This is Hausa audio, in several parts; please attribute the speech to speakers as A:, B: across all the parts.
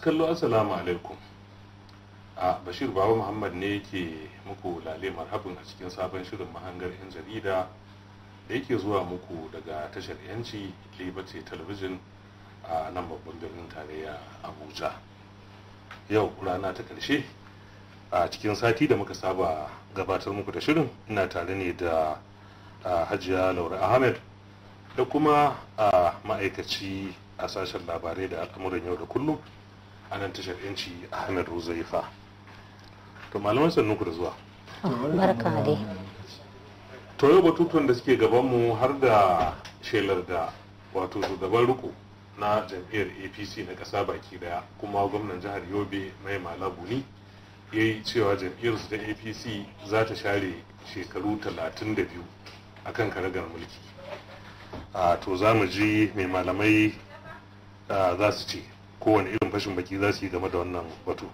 A: masu kallo assalamu alaikum a bashir baba muhammad ne ke muku lale marhabin a cikin sabon shirin mahangar 'yan jarida da yake zuwa muku daga tashar yanci liberty television a nan babban birnin tarayya abuja yau rana ta karshe a cikin sati da muka saba gabatar muku da shirin ina tare ne da hajiya laura ahmed da kuma a ma'aikaci a sashen labarai da al'amuran yau da kullum a nan tashar yanci ahmed ruzaifa to malamai sannu ku da zuwa
B: barka dai
A: to yau batutuwan da suke gabanmu har da shelar da wato shugaban riko na jam'iyyar apc na ƙasa baki daya kuma gwamnan jihar yobe mai ni ya yi cewa jam'iyyarsu ta apc za ta share shekaru 32 a kan karagar mulki to za mu ji mai malamai za su ce kowane irin fashin baki za su yi game da wannan batu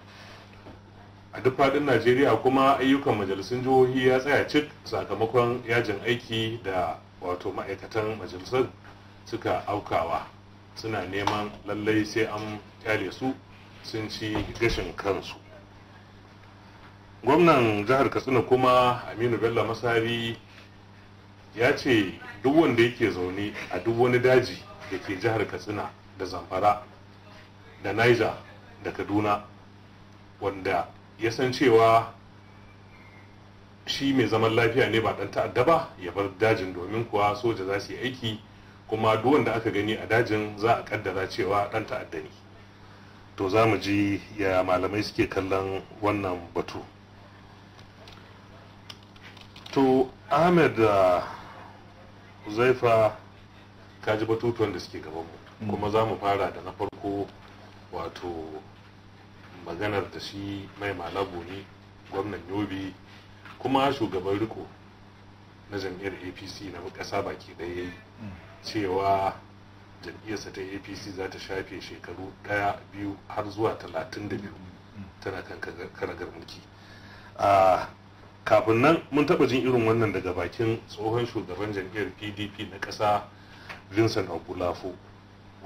A: a duk faɗin najeriya kuma ayyukan majalisun jihohi ya tsaya cik sakamakon yajin aiki da wato ma'aikatan majalisar suka aukawa suna neman lallai sai an kyale su sun ci gashin kansu gwamnan jihar katsina kuma aminu bello masari ya ce duk wanda yake zaune a duk wani daji da ke jihar katsina da zamfara da niger da kaduna wanda ya san cewa shi mai zaman lafiya ne ba dan ta'adda ba ya bar dajin domin kuwa soja za su yi aiki kuma duk wanda aka gani a dajin za a kaddara cewa dan ta'adda ne to za mu ji ya malamai suke kallon wannan batu to ahmed da uh, ka kaji batutuwan da suke gabanmu mm. kuma za mu fara da na farko wato maganar da shi mai malabo ne gwamnan yobe kuma shugaban riko na jam'iyyar apc na ƙasa baki ɗaya yi cewa jam'iyyarsa ta apc za ta shafe shekaru ɗaya biyu har zuwa talatin da biyu tana kan karagar mulki kafin nan mun taɓa jin irin wannan daga bakin tsohon shugaban jam'iyyar pdp na ƙasa vincent abulafo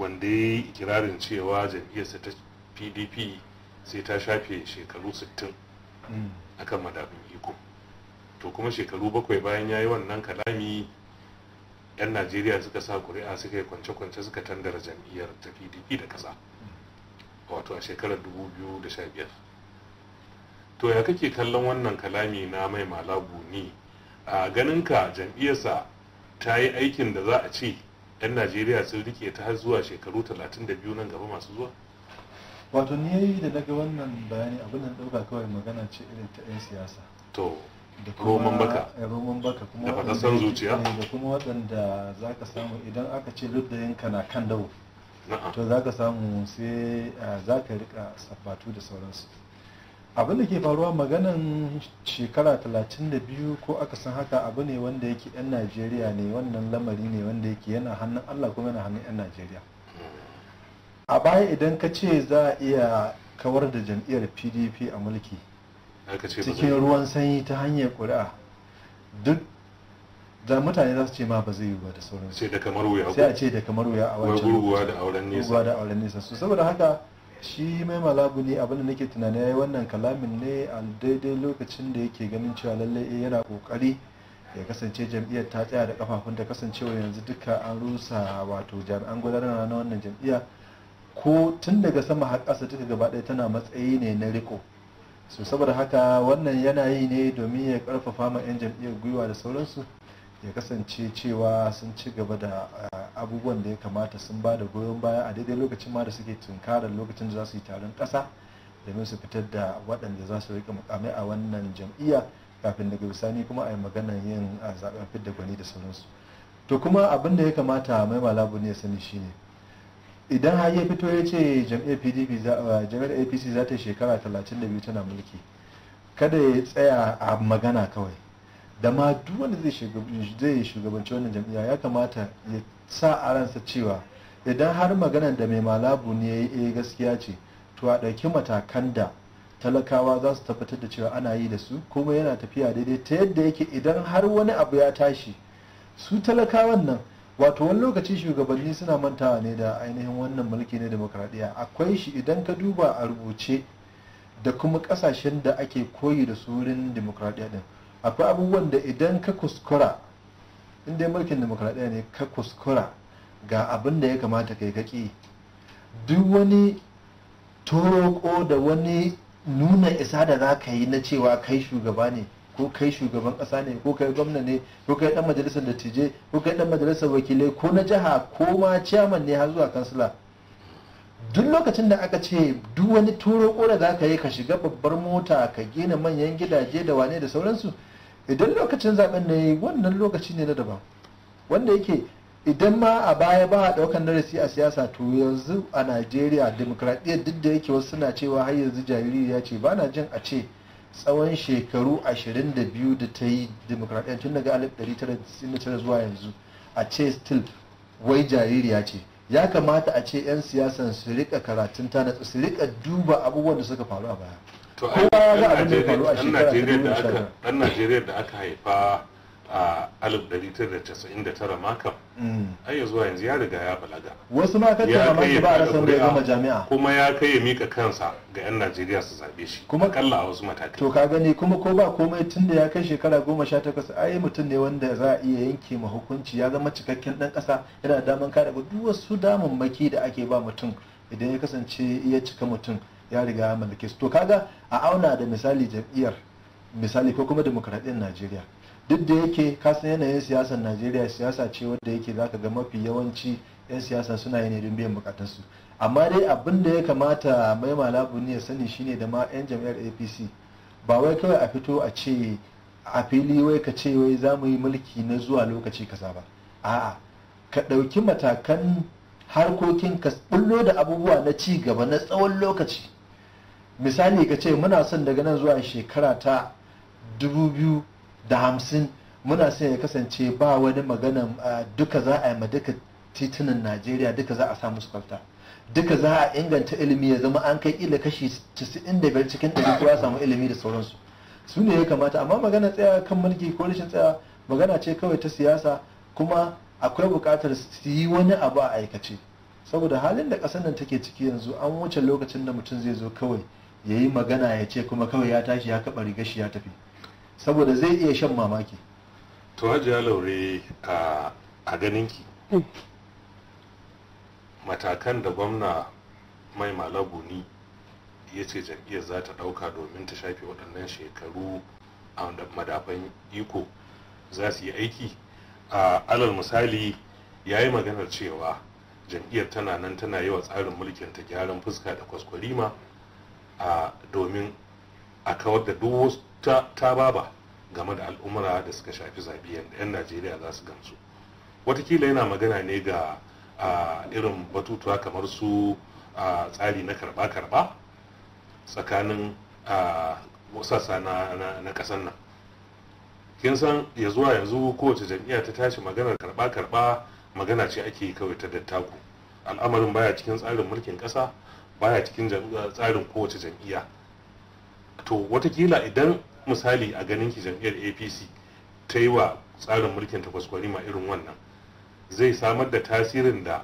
A: wanda ya yi ikirarin cewa jam'iyyarsa ta pdp sai ta shafe shekaru 60 akan madafin iko to kuma shekaru bakwai bayan ya yi wannan kalami 'yan najeriya suka sa kuri'a suka yi kwance-kwance suka tandara jam'iyyar ta pdp da ƙasa wato a shekarar 2015 to ya kake kallon wannan kalami na mai malabu ne a ganinka jam'iyyarsa ta yi aikin da za a ce 'yan najeriya sun rike ta har zuwa shekaru 32 nan gaba masu zuwa
C: wato ni da daga wannan bayani abin da ɗauka kawai magana ce irin ta 'yan siyasa to da roman baka eh, roman baka kuma da san zuciya eh, da kuma waɗanda za ka samu idan aka ce lubda yanka na kan dawo to za ka samu sai eh, za ka rika sabbatu da sauransu abin da ke faruwa maganan shekara 32 ko aka san haka abu ne wanda yake 'yan najeriya ne wannan lamari ne wanda yake yana hannun allah kuma yana hannun 'yan najeriya a baya idan ka ce za a iya kawar da jam'iyyar pdp a mulki cikin ruwan sanyi ta hanyar kuri'a. duk da mutane za su ce ma ba zai yi ba da sauran sai a ce da kamar wuya a wancan da auren nesa saboda haka shi mai abin da nake tunani ya yi wannan kalamin ne a daidai lokacin da yake ganin cewa lallai eh yana kokari ya kasance jam'iyyar ta tsaya da kafafun da kasancewa yanzu duka an rusa wato jami'an gudanar na wannan jam'iyya ko tun daga sama har kasa duka gaba ɗaya tana matsayi ne na riko so saboda haka wannan yana yi ne domin ya karfafa ma 'yan jam'iyyar gwiwa da sauransu ya kasance cewa sun ci gaba da eh, abubuwan da ya kamata sun ba da goyon baya a daidai lokacin ma da suke tunkarar lokacin da za su yi taron ƙasa domin su fitar da waɗanda za su rika mukamai a wannan jam'iyya kafin daga bisani kuma a yi maganar yin zaɓen fidda gwani da sauransu to kuma abin da ya kamata mai malabu ne ya sani shine idan har ya fito ya ce jam'iyyar pdp eh, jam'iyyar apc za ta yi shekara 32 tana mulki kada ya tsaya a magana kawai da ma duk wanda zai shugabanci wannan jam'iyya ya kamata ya sa a ransa cewa idan har magana da mai malabu ne ya yi eh, gaskiya ce to a ɗauki matakan da talakawa za su tabbatar da cewa ana yi da su kuma yana tafiya daidai ta yadda yake idan har wani abu ya tashi su talakawan nan wato wani lokaci shugabanni suna mantawa ne da ainihin wannan mulki na demokradiyya akwai shi idan ka duba a rubuce da kuma kasashen da ake koyi da su wurin demokradiyya din akwai abubuwan da idan ka kuskura in dai mulkin demokradiyya ne ka kuskura ga abin da ya kamata kai kaki duk wani toroko da wani nuna isa da za ka yi na cewa kai shugaba ne ko kai shugaban ƙasa ne ko kai gwamna ne ko kai dan majalisar dattijai ko kai dan majalisar wakilai ko na jiha ko ma ciyaman ne har zuwa kansila duk lokacin da aka ce duk wani ko da za ka yi ka shiga babbar mota ka gina manyan gidaje da wane da sauransu idan lokacin zaben ne wannan lokaci ne na daban wanda yake idan ma a baya ba a daukan darasi a siyasa to yanzu a najeriya demokradiyya duk da yake wasu suna cewa har yanzu jaririya ce ba na jin a ce tsawon shekaru 22 da ta yi demokradiyya tun daga 1999 zuwa yanzu a ce still wai jaririya ce ya kamata a ce 'yan siyasan su rika karatun tana su rika duba abubuwan da suka faru a baya
A: to ɗan najeriya da aka haifa a alif da casa'in tara makam mm. ai ya zuwa yanzu ya riga ya balaga
C: wasu ma kace mamaki ba a rasa gama jami'a
A: kuma ya kai ya mika kansa ga yan najeriya su zabe shi kuma kalla a wasu matakai
C: to ka gani kuma ko ba komai tun da ya kai shekara goma sha takwas ai mutum ne wanda za a iya yanke ma hukunci ya zama cikakken dan kasa yana da daman kare duk wasu damammaki da ake ba mutum idan ya kasance ya cika mutum ya riga ya mallake su to kaga a auna da misali jam'iyyar misali ko kuma demokradiyyar najeriya duk da yake kasan yanayin siyasar najeriya siyasa ce wadda yake zaka ga mafi yawanci 'yan siyasa suna yi ne don biyan bukatunsu amma dai abin da ya kamata mai malabu ya sani shine da ma 'yan jam'iyyar apc ba wai kawai a fito a ce a fili wai ka ce wai za mu yi mulki na zuwa lokaci kaza ba a'a ka ɗauki matakan harkokin ka bullo da abubuwa na ci gaba na tsawon lokaci misali ka ce muna son daga nan zuwa shekara ta 2050 muna son ya kasance ba wani magana duka za a yi ma duka titunan najeriya duka za a samu kwalta. duka za a inganta ilimi ya zama an kai ila kashi 95 cikin 100 kowa samu ilimi da sauransu su ne ya kamata amma magana tsaya kan mulki ko rashin tsaya magana ce kawai ta siyasa kuma akwai buƙatar su yi wani abu a aikace saboda halin da ƙasar nan take ciki yanzu an wuce lokacin da mutum zai zo kawai ya yi magana ya ce kuma kawai ya tashi ya kaɓa rigar ya tafi saboda zai iya shan mamaki
A: to hajiya laure a ganinki hmm. matakan da gwamna mai malabuni ya ce jam'iyyar za ta ɗauka domin ta shafe waɗannan shekaru a madafan iko za su yi aiki a alal misali ya yi maganar cewa jam'iyyar tana nan tana yi wa tsarin mulkin ta gyaran fuska da kwaskwarima a domin a kawar da duk ta baba game da al'umura da suka shafi zaɓe yadda 'yan najeriya za su gamsu watakila yana magana ne ga irin batutuwa kamar su tsari na karba-karba tsakanin sassa na ƙasar nan kin san ya zuwa yanzu kowace jam'iyya ta tashi maganar karba-karba magana ce ake kawai ta dattaku al'amarin baya cikin tsarin mulkin ƙasa baya cikin uh, tsarin kowace jam'iyya to watakila idan misali a ganin ki jam'iyyar apc ta yi wa tsarin mulkin takwas ma irin wannan zai samar da tasirin da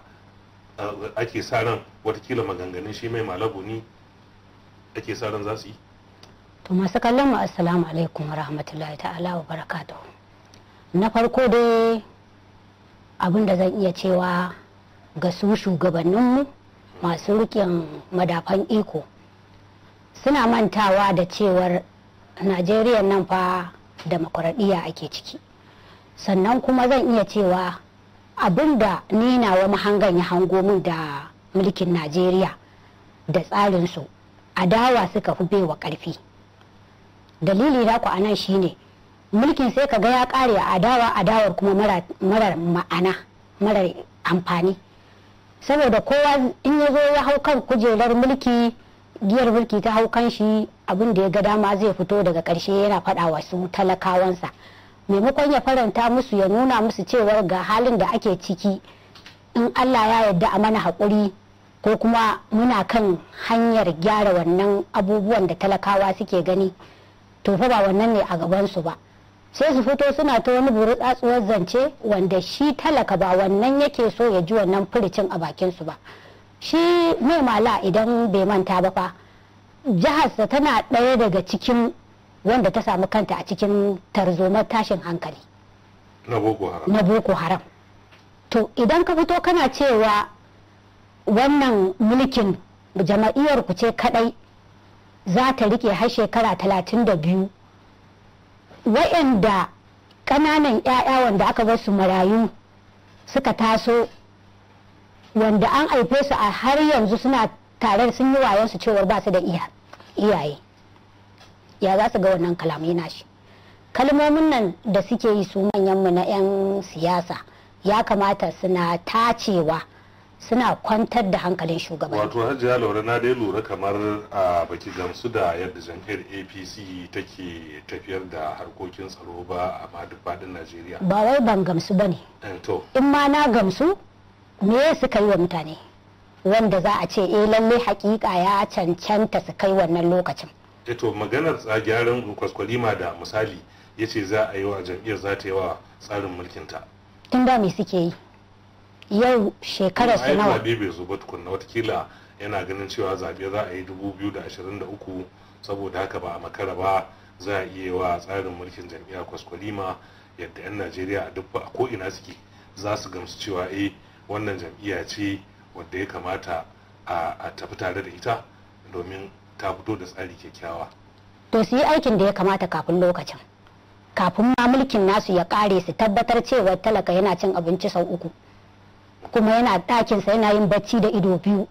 A: uh, ake sa ran watakila maganganun shi mai malabu ni ake sa ran za su yi
B: to masu kallon mu assalamu alaikum rahmatullahi ta'ala wa barakatuhu na farko dai abin da zan iya cewa ga su shugabanninmu masu rikin madafan iko suna mantawa da cewar najeriya nan fa demokuraɗiyya ake ciki sannan kuma zan iya cewa abin da ni nawa mahangan ya hango min da mulkin najeriya da tsarinsu adawa suka fi baiwa ƙarfi dalili na ku anan shine mulkin sai ka ga ya ƙare a adawa adawar kuma marar ma'ana marar amfani saboda kowa in ya zo ya hau kan kujerar mulki giyar mulki ta hau kan shi abin da ya ga dama zai fito daga karshe yana faɗa wa su talakawansa maimakon ya faranta musu ya nuna musu cewar ga halin da ake ciki in allah ya yarda a mana haƙuri ko kuma muna kan hanyar gyara wannan abubuwan da talakawa suke gani to fa ba wannan ne a gabansu ba sai su fito suna ta wani burutsatsuwar zance wanda shi talaka ba wannan yake so ya ji wannan furicin a bakin su ba shi mai mala idan bai manta ba fa jiharsa tana ɗaya daga cikin wanda ta samu kanta a cikin tarzomar tashin hankali na boko haram to idan ka fito kana cewa wannan mulkin jama'iyyar ku ce kadai za ta rike har shekara talatin da biyu waɗanda ƙananan 'ya'ya wanda aka bar su marayu suka taso wanda an haife su a har yanzu suna tare sun yi wayonsu cewar ba su da iyaye ya za su ga wannan kalamai shi kalmomin nan da suke yi su manyanmu na 'yan siyasa ya kamata suna tacewa suna kwantar da hankalin shugabanni
A: wato hajiya laura na dai lura kamar a baki gamsu da yadda jam'iyyar apc take tafiyar da harkokin tsaro ba a faɗin najeriya ba wai ban gamsu ba ne eh,
B: in ma na gamsu me suka yi wa mutane wanda za a ce eh lalle hakika ya cancanta su kai wannan lokacin
A: eto eh, maganar gyaran kwaskwalima da misali ya ce za a yi wa jam'iyyar za ta yi wa tsarin mulkinta
B: tun da me suke yi yau shekarar su nawa
A: ai bai zo ba tukunna watakila yana ganin cewa zaɓe za a yi 2023 saboda haka ba a makara ba za a iya wa tsarin mulkin jam'iyyar kwaskwalima yadda 'yan najeriya a duk a ko'ina suke za su gamsu cewa eh wannan jam'iyya ce wadda ya kamata a tafi tare da ita domin ta fito da tsari kyakkyawa
B: to su yi aikin da ya kamata kafin lokacin kafin ma mulkin nasu ya kare su tabbatar cewa talaka yana cin abinci sau uku kuma yana sa yana yin bacci da ido biyu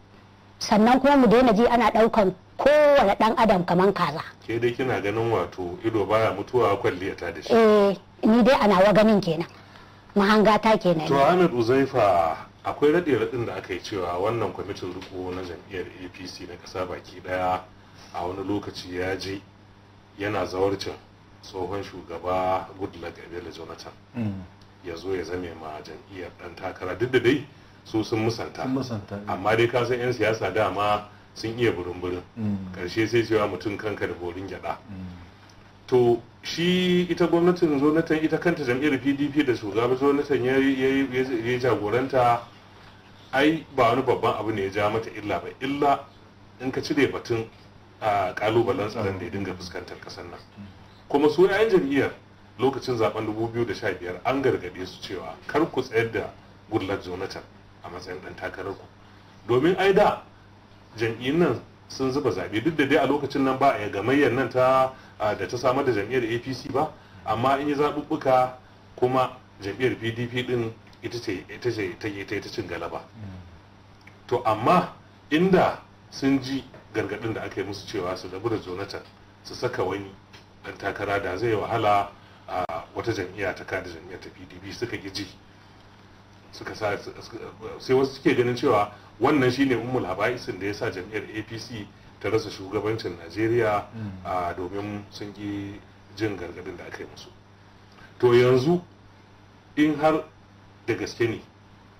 B: sannan kuma mu daina ji ana ɗaukan kowane ɗan adam kaman kaza
A: ke dai kina ganin wato ido baya mutuwa kwalliya ta da shi eh
B: ni dai ana wa ganin kenan mahangata kenan to Ahmed
A: Uzaifa akwai raɗe raɗin da aka yi cewa wannan kwamitin riko na jam'iyyar APC na ƙasa baki ɗaya a wani lokaci ya je yana zawarcin tsohon shugaba Goodluck Ebele Jonathan mm. ya zo ya zame ma jam'iyyar dan takara duk da dai su sun musanta eh. amma dai ka san 'yan siyasa dama sun iya burin-burin mm. karshe sai cewa mutum kanka da borin gyada mm. to shi ita gwamnatin zonatan ita kanta jam'iyyar pdp da shugaba zonatan ya yi jagoranta ai ba wani babban abu ne ya ja mata illa ba illa in ka cire batun a ah, kalubalen tsaron da ya dinga fuskantar kasar nan mm. kuma su 'yan jam'iyyar lokacin zaben 2015 an gargaɗe su cewa kar ku tsayar da goodluck jonathan a matsayin ɗan takararku domin ai da jam'iyyun nan sun zuba zaɓe duk da dai a lokacin nan ba a gamayyar nan ta da ta samar da jam'iyyar apc ba amma in yi zaɓuɓɓuka kuma jam'iyyar pdp din ita ce ita ce ta yi ta cin galaba to amma inda sun ji gargaɗin da aka yi musu cewa su rabu da jonathan su saka wani ɗan takara da zai wahala a wata jam'iyya ta kada jam'iyyar ta pdp suka ji suka sa sai wasu suke ganin cewa wannan shine ummul haba'isin da ya sa jam'iyyar apc ta rasa shugabancin najeriya mm. domin sun ki jin gargadin da aka yi musu to yanzu in har da gaske ne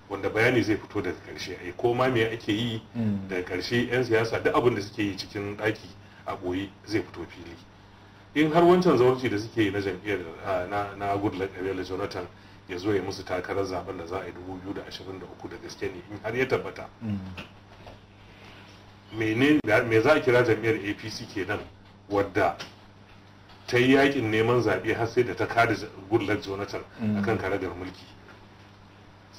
A: wanda bayani zai fito daga karshe ai ko ma me ake yi mm. daga karshe 'yan siyasa duk abin da suke yi cikin ɗaki a ɓoye zai fito fili in har wancan zaurci da suke yi na jam'iyyar ah, na goodluck abela jonathan ya zo ya musu takarar zaben da za a yi biyu da uku da gaske ne in har ya tabbata mm. me za a kira jam'iyyar apc kenan wadda ta yi yakin neman zaɓe har sai da ta kada goodluck jonathan mm. akan karagar mulki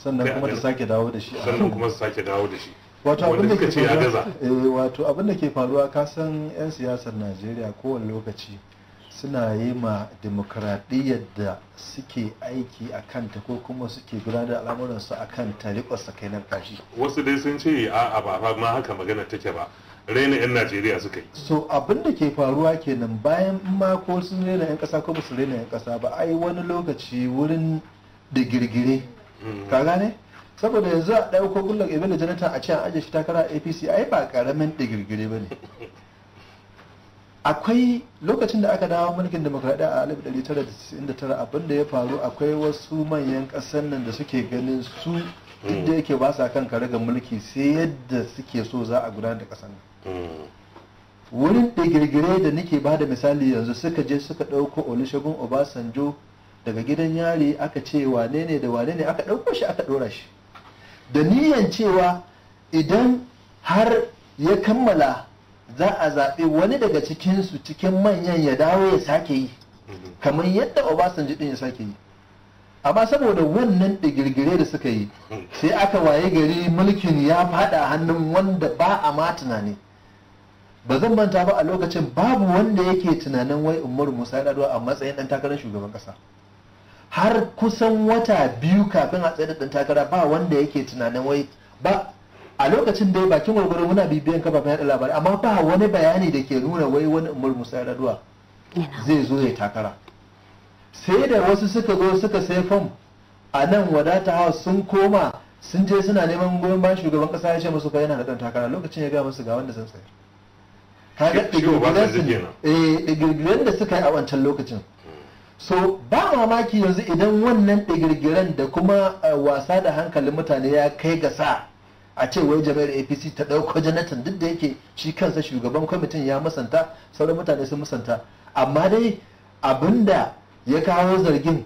A: sannan kuma ta sake dawo da shi sannan kuma ta sake dawo da shi wato abin da ke faruwa
C: eh, wato abin da ke faruwa kasan yan siyasar Najeriya kowane lokaci suna yi ma demokradiyyar da suke aiki a kanta ko kuma suke gudanar da al'amuransu a kan tarikon sakainar kashi
A: wasu dai sun ce a ba ma haka magana take ba raina 'yan najeriya suka yi
C: so abin da ke faruwa kenan bayan ma ko sun raina 'yan kasa ko su raina 'yan kasa ba ai wani lokaci wurin da girgire mm. ka gane saboda yanzu a ɗauko gullar da Janata a ce an ajiye shi takara apc ai ba karamin da girgire ba ne akwai lokacin da aka dawo mulkin demokradiyya a 1999 abinda ya faru akwai wasu manyan ƙasar nan da suke ganin su duk da yake ba sa kan ga mulki sai yadda suke so za a gudanar da ƙasar nan wurin girgire da nake ba da misali yanzu suka je suka ɗauko olusegun obasanjo daga gidan yari aka ce wane ne da wane ne aka ɗauko shi aka ɗora shi da niyan cewa idan har ya kammala za a zaɓi wani daga cikinsu cikin manyan ya dawo ya sake yi kamar yadda obasanjo ɗin ya sake yi amma saboda wannan digirgire da suka yi sai aka waye gari mulkin ya fada hannun wanda ba a ma tunani ba zan manta ba a lokacin babu wanda yake tunanin wai umaru musa yar'adua a matsayin dan takarar shugaban ƙasa. har kusan wata biyu kafin a tsaye da dan takara ba wanda yake tunanin wai ba a lokacin dai bakin gwargwaro muna bibiyan kafafen yaɗa labarai amma ba wani bayani da ke nuna wai wani umar musa raduwa zai zo ya takara sai da wasu suka zo suka sai fom a nan wadata house sun koma sun je suna neman goyon bayan shugaban kasa ya ce musu fa yana da takara lokacin ya ga musu ga wanda zan tsaya kaga eh, da suka yi a wancan lokacin so ba mamaki yanzu idan wannan ɗigirgiren da kuma eh, wasa da hankalin mutane ya kai ga sa a ce wai jami'ar apc ta ɗauko janatan duk da yake shi kansa shugaban kwamitin ya musanta sauran mutane sun musanta amma dai abinda ya kawo zargin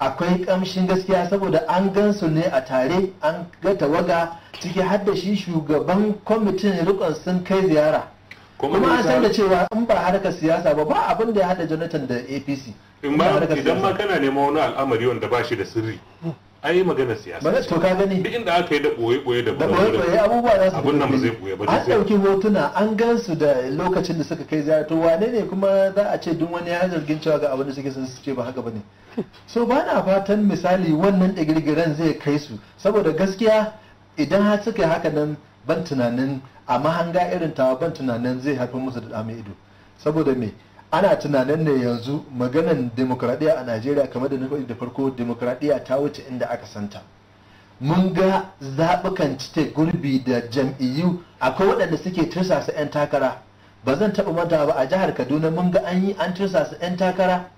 C: akwai kamshin gaskiya saboda an gansu ne a tare an ga tawaga ciki har shi shugaban kwamitin rikon sun kai ziyara
A: kuma an san da
C: cewa in ba harkar siyasa ba ba abin da ya hada jonathan da apc in ba idan ma
A: kana neman wani al'amari wanda ba shi da sirri hmm. ai magana siyasa ba to ka gani duk inda aka yi da boye boye da boye boye abubuwa za su abun nan ba zai boye ba an
C: dauki hotuna an gan su da lokacin da suka kai ziyara to wane ne kuma za a ce duk wani ya zargin cewa ga abin da suke sun ce ba haka bane so ba na fatan misali wannan digirgiran zai kai su saboda gaskiya idan har suka yi haka nan ban tunanin a mahanga irin tawa ban tunanin zai haifar musu da dame ido saboda me ana tunanin ne yanzu maganan demokradiyya a najeriya kamar da na faɗi da farko demokradiyya ta wuce inda aka santa mun ga zaɓukan cite gurbi da jam'iyyu akwai waɗanda suke tursasa 'yan takara ba zan taɓa manta ba a jihar kaduna mun ga an yi an tursasa 'yan takara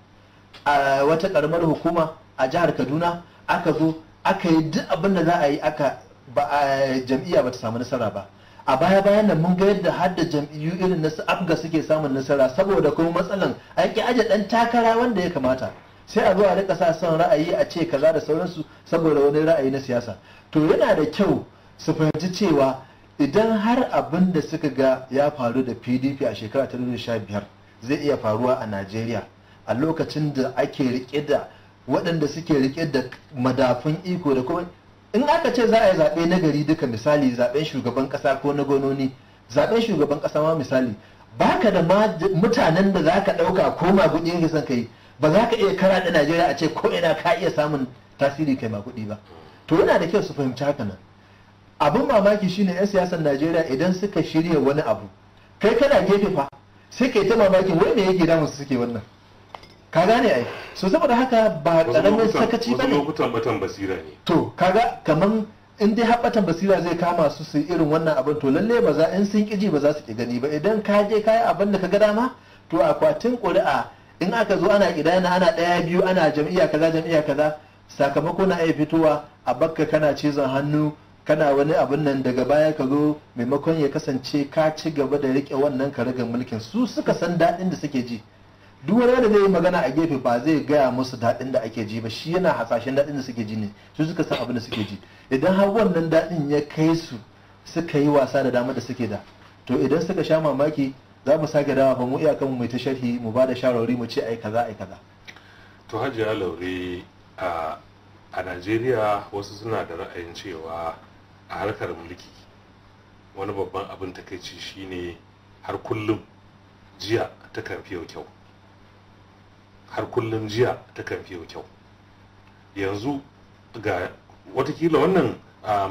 C: a wata ƙaramar hukuma a jihar kaduna aka zo aka yi duk abin da za a yi aka ba a jam'iyya ba ta samu nasara ba a baya bayan nan mun ga yadda har da jam'iyyu irin na afga suke samun nasara saboda kuma matsalan an ki aje dan takara wanda ya kamata sai a zo a rika sa son ra'ayi a ce kaza da sauransu saboda wani ra'ayi na siyasa to yana da kyau su fahimci cewa idan har abin da suka ga ya faru da pdp a shekara ta biyar zai iya faruwa a najeriya a lokacin da ake rike da waɗanda suke rike da madafun iko da kuma in aka ce za a yi zaɓe na gari duka misali zaɓen shugaban ƙasa ko na gononi zaɓen shugaban ƙasa ma misali baka da mutanen da za ka ɗauka ko maguɗi yake son kai ba za ka iya kara da najeriya a ce ko ina ka iya samun tasiri kai maguɗi ba to yana da kyau su fahimci haka nan abin mamaki shine 'yan siyasar najeriya idan suka shirya wani abu kai kana gefe fa sai ka kai ta mamakin wai me yake damun su suke wannan ka gane ai so saboda haka ba karamin sakaci ne. wasu
A: lokutan batan basira ne
C: to kaga kaman in dai haɓatan basira zai kama su su irin wannan abin to lalle ba za in sun ƙiji ba za su ƙi gani ba idan ka je kayi abin da ka ga dama to akwatin ƙuri'a in aka zo ana ƙidana ana ɗaya biyu ana jam'iyya kaza jam'iyya kaza sakamako na iya fitowa a bakka kana cizon hannu kana wani abin nan daga baya ka zo maimakon ya kasance ka ci gaba da riƙe wannan karagar mulkin su suka san daɗin da suke ji duk wani da zai yi magana a gefe ba zai gaya musu daɗin da ake ji ba shi yana hasashen daɗin da suke ji ne su suka san abin da suke ji idan har wannan daɗin ya kai su suka yi wasa da dama da suke da to idan suka sha mamaki za mu sake dawa ba mu iya kan mai ta sharhi mu ba da shawarwari mu ce ai kaza ai kaza
A: to hajiya laure a a najeriya wasu suna da ra'ayin cewa a harkar mulki wani babban abin takaici shine har kullum jiya ta fi yau kyau har kullum jiya ta kan fiye kyau yanzu ga watakila wannan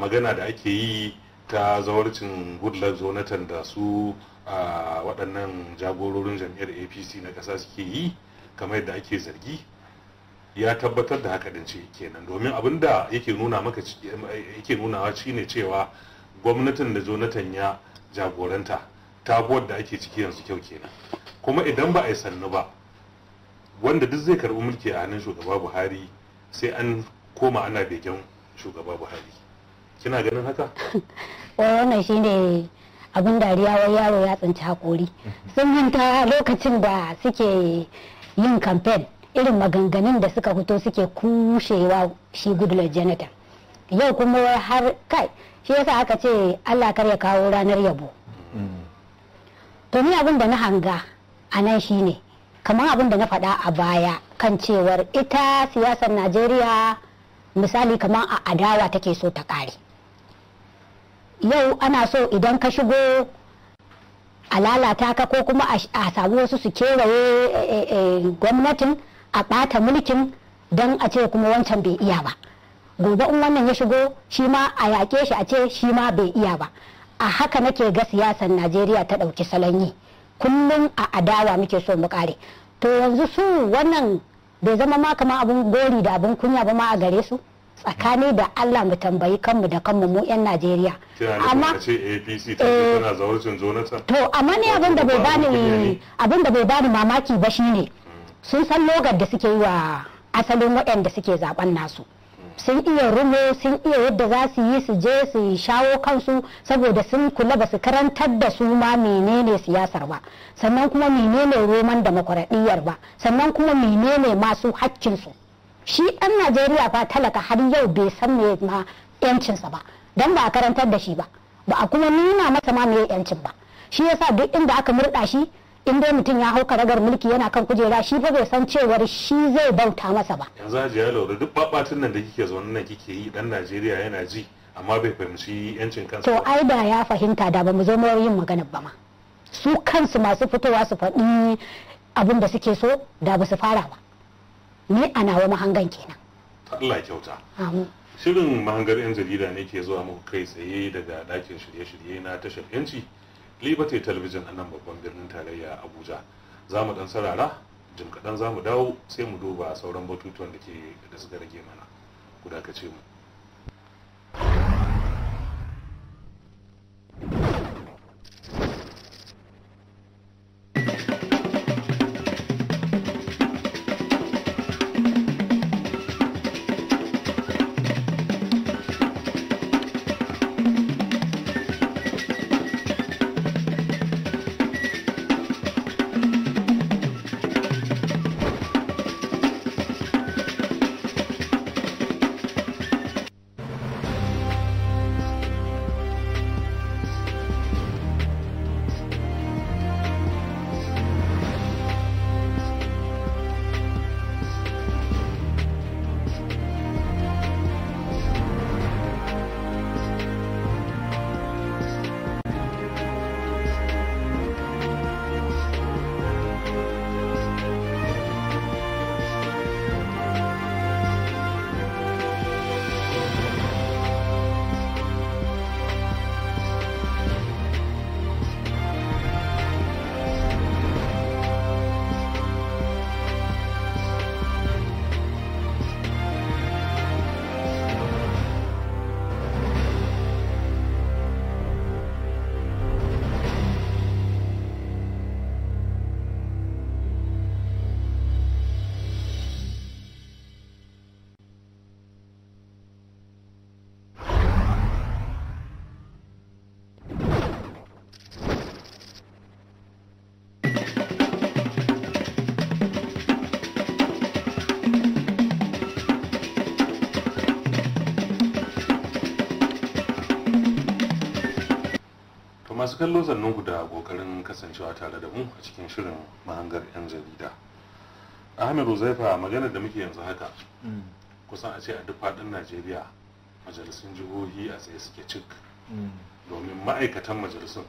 A: magana da ake yi ta zawarcin goodluck jonathan da su waɗannan jagororin jam'iyyar apc na ƙasa suke yi kamar yadda ake zargi ya tabbatar da haka ce kenan domin abinda da yake nuna maka yake nunawa shine cewa gwamnatin da jonathan ya jagoranta tabuwar da ake ciki yanzu kyau kenan kuma idan ba a yi sannu ba wanda duk zai karbi mulki a hannun shugaba buhari sai an koma ana begen shugaba buhari kina ganin haka
B: wai wannan ne abin dariya wai yaro ya tsinci hakori sun manta lokacin da suke yin kamfen irin maganganun da suka fito suke kushewa shi goodluck jonathan yau kuma har kai shi yasa aka ce allah kar ya kawo ranar yabo mm. to ni abin da na hanga a nan shine kamar abin da na faɗa a baya kan cewar ita siyasar najeriya misali kamar a adawa take so ta ƙare yau ana so idan ka shigo a lalata ka ko kuma a samu wasu su kewaye eh, eh, eh, gwamnatin a ɓata mulkin don a ce kuma wancan bai iya ba gobe in wannan ya shigo shi ma a yaƙe shi a ce shi ma bai iya ba a haka nake ga siyasar najeriya ta ɗauki salon yi kullum a adawa muke so mu kare to yanzu su wannan bai zama ma kama abun gori da abun kunya ba ma a gare su tsakani da Allah mu tambayi kanmu da kanmu mu 'yan Najeriya.
A: Amma APC ta eh, tana zaurucin Jonathan. To amma ne abin da bai bani
B: abin da bai bani mamaki ba shine hmm. sun san logar da suke yi wa asalin waɗanda suke zaben nasu. sun iya rumo sun iya yadda za su yi su je su shawo kansu saboda sun kula ba su karantar da su ma menene siyasar ba sannan kuma menene roman demokuraɗiyyar ba sannan kuma menene masu haƙƙinsu shi ɗan najeriya fa talaka har yau bai san me ma yancinsa ba don ba a karantar da shi ba ba a kuma nuna masa ma me yancin ba shi yasa duk inda aka murɗa shi in dai mutum ya hau karagar mulki yana kan kujera shi fa bai san cewar shi zai bauta masa ba
A: yanzu ya lura duk babatun nan da kike zaune nan kike yi dan najeriya yana ji amma bai fahimci yancin kansa
B: to ai da ya fahimta da bamu zo mu yin magana ba ma su kansu masu fitowa su faɗi abin da suke so da ba su fara ba ni a nawa mahangan kenan
A: Allah kyauta shirin mahangar yan jarida ne ke zuwa muku kai tsaye daga dakin shirye-shirye na tashar yanci liberty television a nan babban birnin tarayya abuja za mu dan sarara jim kaɗan za mu dawo sai mu duba sauran batutuwan da ke da suka rage mana ku dakace mu masu kallo sannan ku da kokarin kasancewa tare da mu a cikin shirin mahangar 'yan jarida ahmed uzaifa maganar da muke yanzu haka mm. kusan a ce a duk faɗin najeriya majalisun jihohi a tsaye suke cik mm. domin ma'aikatan majalisun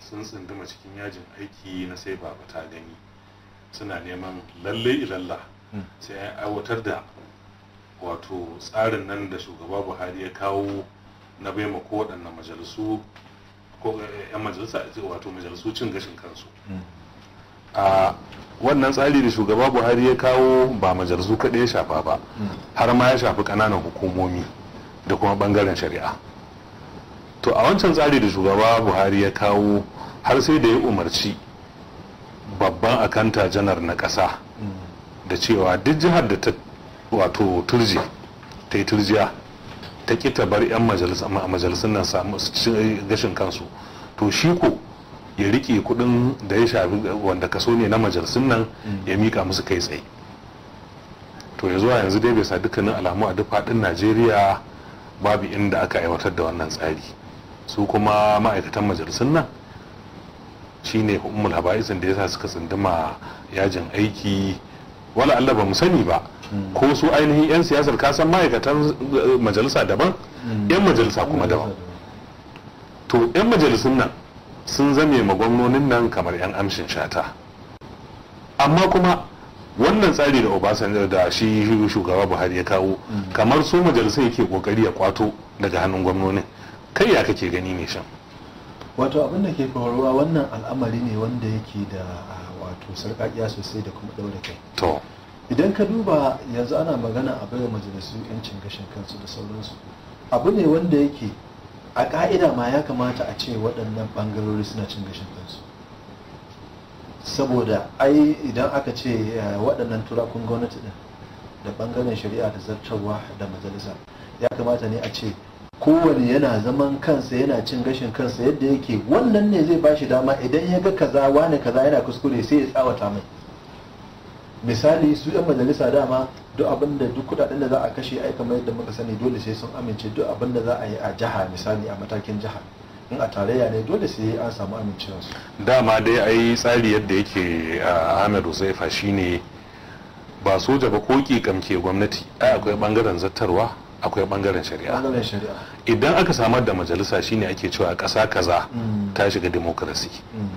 A: sun tsinduma cikin yajin aiki na sai ba ta gani suna neman lalle ilalla mm. sai an aiwatar da wato tsarin nan da shugaba buhari ya kawo na ma ko waɗannan majalisu ko 'yan majalisa wato majalisu cin gashin kansu hmm. a wannan tsari da shugaba buhari ya kawo ba majalisu kaɗai ya shafa ba hmm. har ma ya shafi ƙananan hukumomi da kuma ɓangaren shari'a to a wancan tsari da shugaba buhari ya kawo har sai da ya umarci babban akanta janar na ƙasa hmm. da cewa duk jihar da ta wato turje ta yi turjiya ta ƙi ta bar 'yan a majalisun nan samu gashin kansu to shi ko ya rike kuɗin da ya shafi wanda kaso ne na majalisun nan ya mika musu kai tsaye to ya zuwa yanzu dai bisa dukkanin alamu a duk faɗin najeriya babu inda aka aiwatar da wannan tsari su kuma ma'aikatan majalisun nan shine ummul haba'isin da yasa suka tsunduma yajin aiki wala Allah ba mu sani ba ko su ainihin 'yan siyasar kasan ma'aikatan eh, majalisa daban 'yan majalisa kuma daban to 'yan majalisun nan sun zame ma nan kamar 'yan amshin shata amma kuma wannan tsari da obasanjo da shi shugaba buhari ya kawo kamar su majalisai yake kokari ya kwato daga hannun gwamnonin kai ya kake gani ne shan
C: wato abin da ke faruwa wannan al'amari ne wanda yake da ah, wato sarƙaƙiya sosai da kuma ɗaure kai idan ka duba yanzu ana magana a baiwa majalisu yancin gashin kansu da sauransu abu ne wanda yake a ka'ida ma ya kamata a ce waɗannan ɓangarori suna cin gashin kansu saboda ai idan aka ce eh, waɗannan turakun gwamnati ɗin da ɓangaren shari'a da zartarwa da majalisa ya kamata ne a ce kowane yana zaman kansa yana cin gashin kansa yadda yake wannan ne zai ba shi dama idan ya ga kaza wane kaza yana kuskure sai ya tsawata mai misali su yan majalisa dama duk abin da duk kudaden da za a kashe ai kamar yadda muka sani dole sai sun amince duk abin da za a yi a jiha misali a matakin jiha in a tarayya ne dole sai an samu amincewar su
A: dama dai ai tsari yadda yake Ahmed Uzaifa shine ba soja ba ko kamke gwamnati ai akwai bangaren zattarwa akwai bangaren shari'a idan aka samar da majalisa shine ake cewa kasa kaza mm. ta shiga demokrasi mm.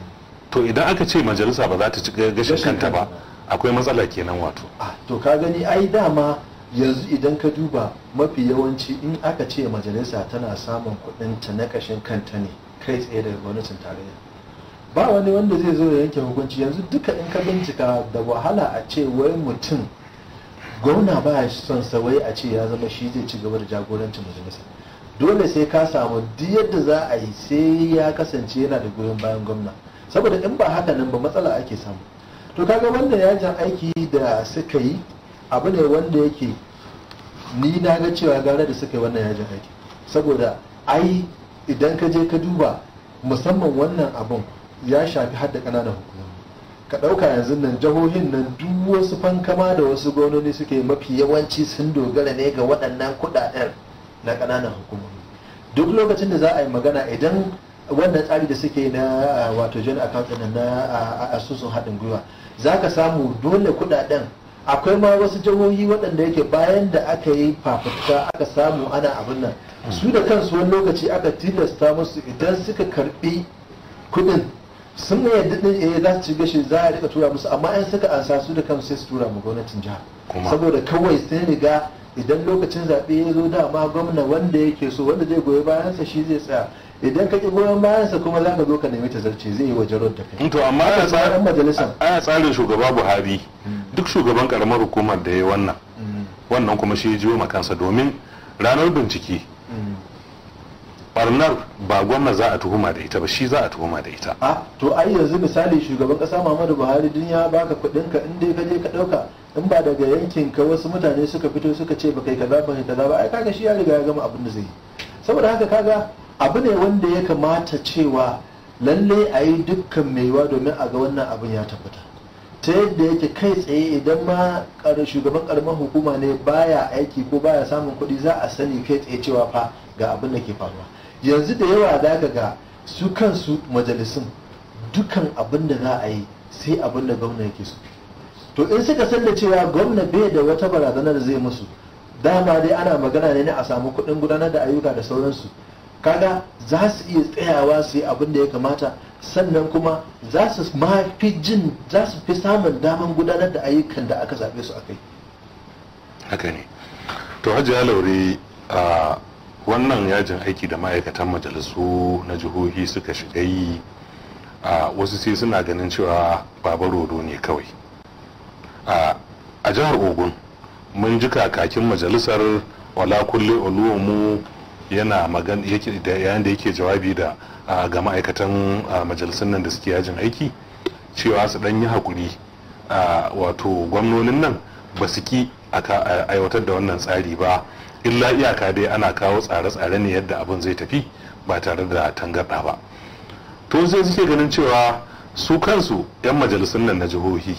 A: to idan aka ce majalisa ba za ta ci gashin kanta ba akwai matsala kenan wato ah, to ka
C: gani ai dama yanzu idan ka duba mafi yawanci in aka ce majalisa tana samun ta na kashin kanta ne kai tsaye daga gwamnatin tarayya ba wani wanda zai zo ya yanke hukunci yanzu duka in ka bincika da wahala a ce wai mutum gwamna ba ya son sa a ce ya zama shi zai ci gaba da jagorancin majalisa dole sai ka samu duk yadda za a yi sai ya kasance yana da goyon bayan gwamna saboda in ba haka nan ba matsala ake samu to kaga wannan yajin aiki da suka yi abu ne wanda yake ni na ga cewa gane da suka yi wannan yajin aiki saboda ai idan ka je ka duba musamman wannan abun ya shafi hadda kananan hukumomi ka ɗauka yanzu nan jihohin nan duk wasu fankama da wasu gwamnoni suke mafi yawanci sun dogara ne ga waɗannan kuɗaɗen na ƙananan hukumomi duk lokacin da za a yi magana idan wannan tsari da suke na wato joint account na asusun haɗin gwiwa za ka samu dole kudaden akwai ma wasu jihohi waɗanda yake bayan da aka yi fafutuka aka samu ana abin nan su da kansu wani lokaci aka tilasta musu idan suka karbi kudin sun mai yadda din eh za su gashi za a rika tura musu amma in suka ansa su da kansu sai su tura mu gwamnatin jiha saboda kawai sai riga idan lokacin zaɓe ya zo dama gwamna wanda yake so wanda zai goyi bayansa shi zai tsaya idan ka ƙi goyon bayansa kuma za ka zo ka nemi tazarci zai yi wajen da
A: kai to amma ana tsarin shugaba buhari hmm. duk shugaban karamar hukumar da ya wannan hmm. wannan kuma shi jiwo makansa domin ranar bincike hmm. barnar ba gwamna za a tuhuma da ita ba shi za a tuhuma da ita a
C: to ai yanzu misali shugaban kasa muhammadu buhari din ya baka kudin ka in dai ka je ka dauka in ba daga yankin ka wasu mutane suka fito suka ce ba kai kaza ba kai kaza ba ai kaga shi ya riga ya gama abin da zai yi saboda haka kaga abu ne wanda ya kamata cewa lalle a yi dukkan maiwa domin a ga wannan abin ya tabbata ta yadda yake kai tsaye idan ma shugaban karamar hukuma ne baya aiki ko baya samun kuɗi za a sani kai tsaye cewa fa ga abin da ke faruwa yanzu da yawa za ka ga su kansu majalisun dukkan abin da za a yi sai abin da gwamna yake so to in suka san da cewa gwamna bai da wata barazanar zai musu dama dai ana magana ne a samu kuɗin gudanar da ayyuka da sauransu kada za su iya tsayawa su yi abin da ya kamata sannan kuma za su mafi jin za su fi samun daman gudanar da ayyukan da aka zaɓe su a kai
A: haka ne to hajiya laure a wannan yajin aiki da ma'aikatan majalisu na jihohi suka shiga yi a wasu sai suna ganin cewa babar rodo ne kawai a jihar ogun mun ji kakakin majalisar wala kulle yana magana yayin da yake jawabi da ga ma'aikatan majalisun nan da suke yajin aiki cewa su dan yi hakuri wato gwamnonin nan ba su ki aiwatar da wannan tsari ba illa iyaka dai ana kawo tsare-tsare ne yadda abin zai tafi ba tare da tangarɗa ba to sai suke ganin cewa su kansu 'yan majalisun nan na jihohi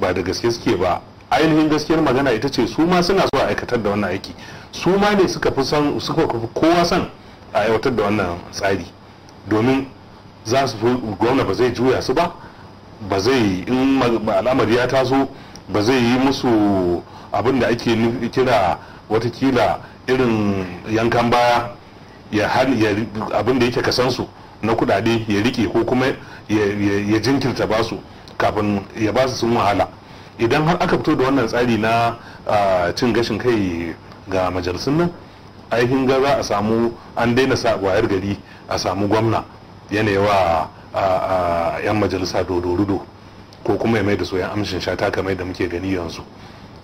A: ba da gaske suke ba ainihin gaskiyar magana ita ce su ma suna so a aikatar da wannan aiki su ma ne suka fi san suka fi kowa san a aiwatar da wannan tsari domin za su fi gwamna ba zai juya su ba ba zai in al'amar ya taso ba zai yi musu abin da ake kira watakila irin yankan baya ya abin da yake kasansu na kudade ya rike ko kuma ya jinkirta basu kafin ya ba su sun wahala idan har aka fito da wannan tsari na ah, cin gashin kai ga majalisun nan aikin ga za a samu an daina sa wayar gari a samu gwamna yanayiwa a yan majalisa dodo dodorudo ko kuma ya mai da soyan amshin shata kamar da muke gani yanzu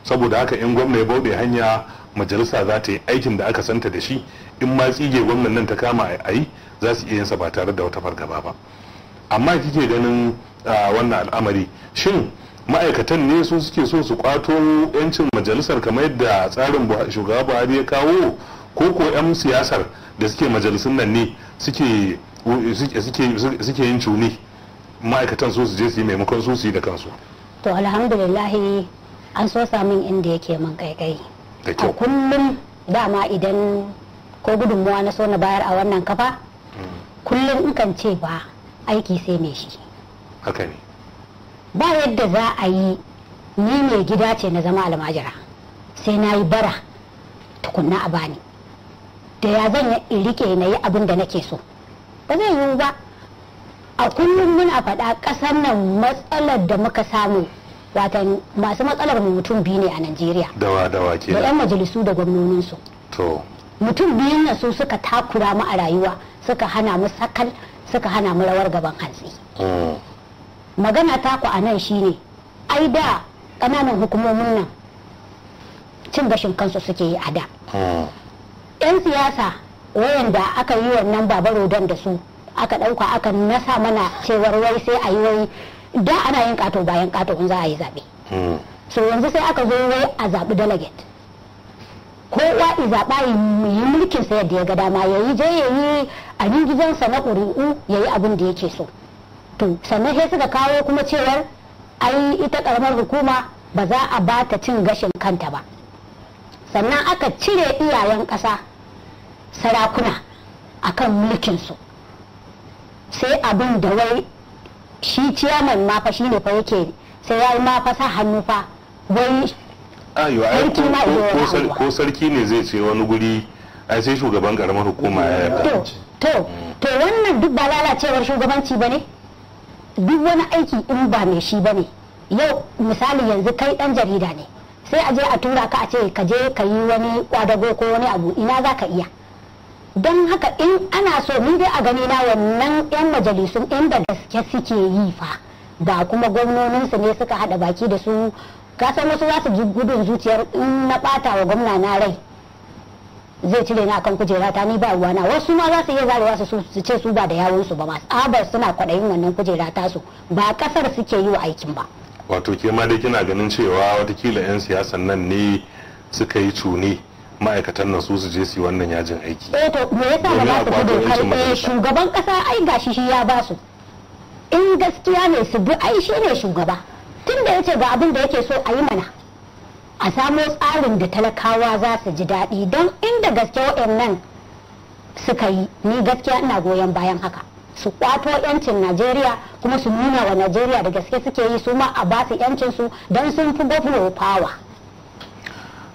A: saboda haka in gwamna ya bauɗe hanya majalisa za ta yi aikin da aka santa da shi in ma tsige gwamnan nan ta kama a yi za su iya yinsa ba tare da wata fargaba ba amma kike ganin wannan al'amari shin ma'aikatan ne su suke so su kwato yancin majalisar kamar yadda tsarin shugaba buhari ya kawo ko ko 'yan siyasar da suke majalisun nan ne suke yin cuni ma'aikatan su su je su yi maimakon su su yi da kansu
B: to alhamdulillahi an so samun inda yake man kaikai a kullum dama idan ko gudunmuwa na so na bayar a wannan kafa mm. kullum in kan ce ba aiki sai mai shi haka ne ba yadda za a yi ni mai gida ce na zama almajira sai na yi bara tukunna a bani da ya zan rike na yi abin da nake so ba zai yi ba a kullum muna faɗa ƙasar nan matsalar da muka samu watan masu matsalar mu mutum biyu ne a najeriya
A: dawa dawa ke da yan
B: majalisu da gwamnoninsu to mutum biyu na su suka takura mu a rayuwa suka hana mu sakal suka hana mu rawar gaban hantsi mm. magana taku a nan shine ai da kananan hukumomin nan cin gashin kansu suke yi a da yan siyasa wayanda aka yi wannan babaro rodon da su aka ɗauka aka nasa mana cewar wai sai a yi wai da ana yin kato bayan kato in za a yi zaɓe so yanzu sai aka zo wai a zaɓi delegate kowa zaɓa yi mulkin sa yadda ya ga dama ya yi je ya yi a gidansa na ƙuri'u ya yi abin da yake so to sannan sai suka kawo kuma cewar ai ita karamar hukuma ba za a ba ta cin gashin kanta ba sannan aka cire iyayen ƙasa sarakuna a kan mulkinsu sai abin da wai shi ciyaman mafa shi ne fa yake sai ya yi mafa sa hannu fa wai
A: ko sarki ne zai ce wani guri ai sai shugaban karamar hukuma ya yi
B: to to wannan duk ba lalacewar shugabanci ba ne duk wani aiki in ba mai shi ba ne yau misali yanzu kai dan jarida ne sai a je a tura ka a ce ka je ka yi wani kwadago ko wani abu ina za ka iya don haka in ana so ni dai a gani na wannan yan majalisun inda gaske suke yi fa ba kuma gwamnoninsu ne suka hada baki da su kasan wasu za su ji gudun zuciyar in na bata wa gwamna na rai zai cire ni akan kujera ta ni ba ruwana wasu ma za su iya zarewa su su ce su ba da yawon su ba ma abar suna kwaɗayin wannan kujera ta su ba kasar suke yi wa aikin ba
A: wato ke ma dai kina ganin cewa watakila yan siyasan nan ne suka yi tuni ma'aikatan nan su su je su wannan yajin aiki
B: eh to me yasa ba za su fi dokar eh, shugaban kasa ai gashi shi ya ba su in gaskiya ne su bi ai shi ne shugaba tun da yace ga abin da yake so a yi mana a samo tsarin da talakawa za su ji daɗi don inda gaske nan suka yi ni gaskiya ina goyon bayan haka su kwato yancin najeriya kuma su nuna wa najeriya da gaske suke yi su ma a ba su yancin su don sun fi gwamnati fawa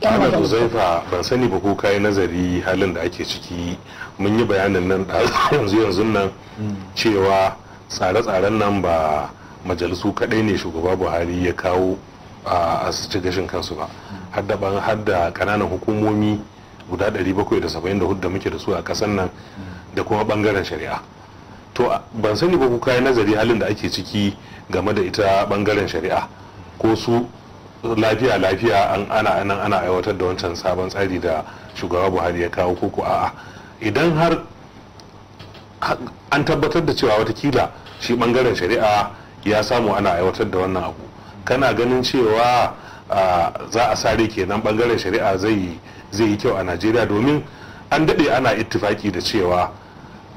B: ana
A: zaifa ban sani ba ko kayi nazari halin da ake ciki mun yi bayanin nan da yanzu yanzu nan cewa tsare-tsaren nan ba majalisu kaɗai ne shugaba buhari ya kawo a su gashin kansu ba har da kananan hukumomi guda 774 da muke da su a kasan nan da kuma bangaren shari'a to ban sani ba ku yi nazari halin da ake ciki game da ita bangaren shari'a ko su lafiya lafiya ana nan ana aiwatar da wancan sabon tsari da shugaba buhari ya kawo koko a idan har an tabbatar da cewa watakila shi bangaren shari'a ya samu ana aiwatar da wannan abu kana ganin cewa za a sare kenan bangaren shari'a zai yi kyau a najeriya domin an daɗe ana ittifaki da cewa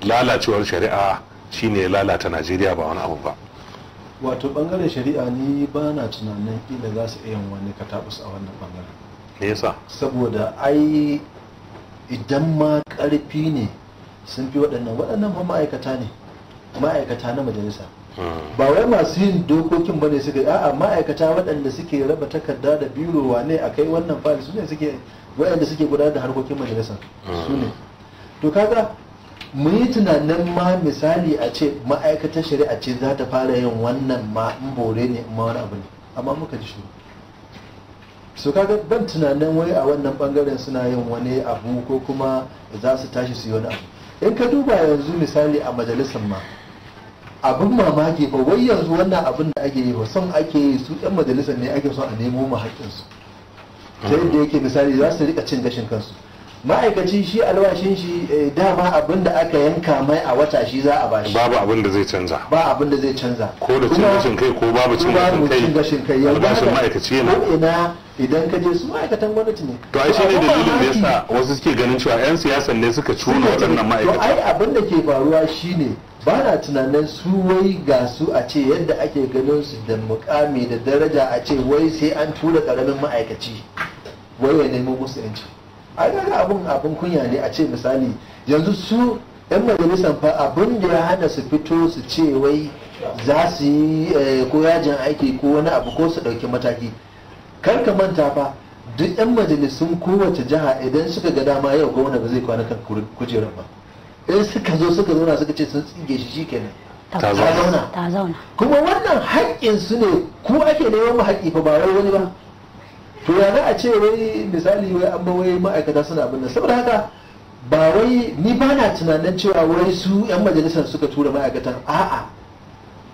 A: lalacewar shari'a shine lalata najeriya ba wani abu ba
C: wato bangaren shari'a ni ba na tunanin kila za su iya wani katabus a wannan bangaren me yasa saboda ai idan ma karfi ne sun fi waɗannan waɗannan ma'aikata ne ma'aikata na majalisa Hmm. ba wai masu yin dokokin bane suka a'a ma'aikata waɗanda suke raba takarda da biro wane a kai wannan fali su ne suke waɗanda suke gudanar da harkokin majalisa hmm. su ne to kaga mu yi tunanin ma misali a ce ma'aikatar shari'a ce za ta fara yin wannan ma in bore ne in ma wani abu ne amma muka ji shi so kaga ban tunanin wai a wannan bangaren suna yin wani abu ko kuma za su tashi su yi wani abu in ka duba yanzu misali a majalisar ma abin mamaki ba wai yanzu wannan abin da ake yi ba son ake yi su yan majalisar ne ake son a nemo mu haƙƙinsu ta yadda yake misali za su rika cin gashin kansu ma'aikaci shi alwashin shi eh, dama abin da aka yanka mai a wata shi za a bashi babu abin da zai canza ba abin da zai canza ko da cin gashin kai ko babu cin gashin kai albashin ma'aikaci yana ko ina idan ka je su ma'aikatan gwamnati ne to ai shine dalilin da yasa
A: wasu suke ganin cewa yan siyasan ne suka cuna waɗannan ma'aikata to ai
C: abin da ke faruwa shine ba na tunanin su wai ga su a ce yadda ake ganin su da mukami da daraja a ce wai sai an tura karamin ma'aikaci wai ya nemo musu yanci a ga abin abin kunya ne a ce misali yanzu su yan majalisar fa abin da ya hana su fito su ce wai za su yi eh, ko yajin aiki ko wani abu ko su ɗauki mataki kar ka manta fa duk yan majalisun kowace jiha idan suka ga dama yau gwamna ba zai kwana kan kujerar ba in eh, suka zo suka zauna suka ce sun tsige shi shikenan ta ta zauna kuma wannan haƙƙin su ne ku ake neman mu haƙƙi fa ba wai wani ba to ya za a ce wai misali wai an wai ma'aikata suna abin nan saboda haka ba wai ni ba na tunanin cewa wai su 'yan majalisar suka tura ma'aikatan a'a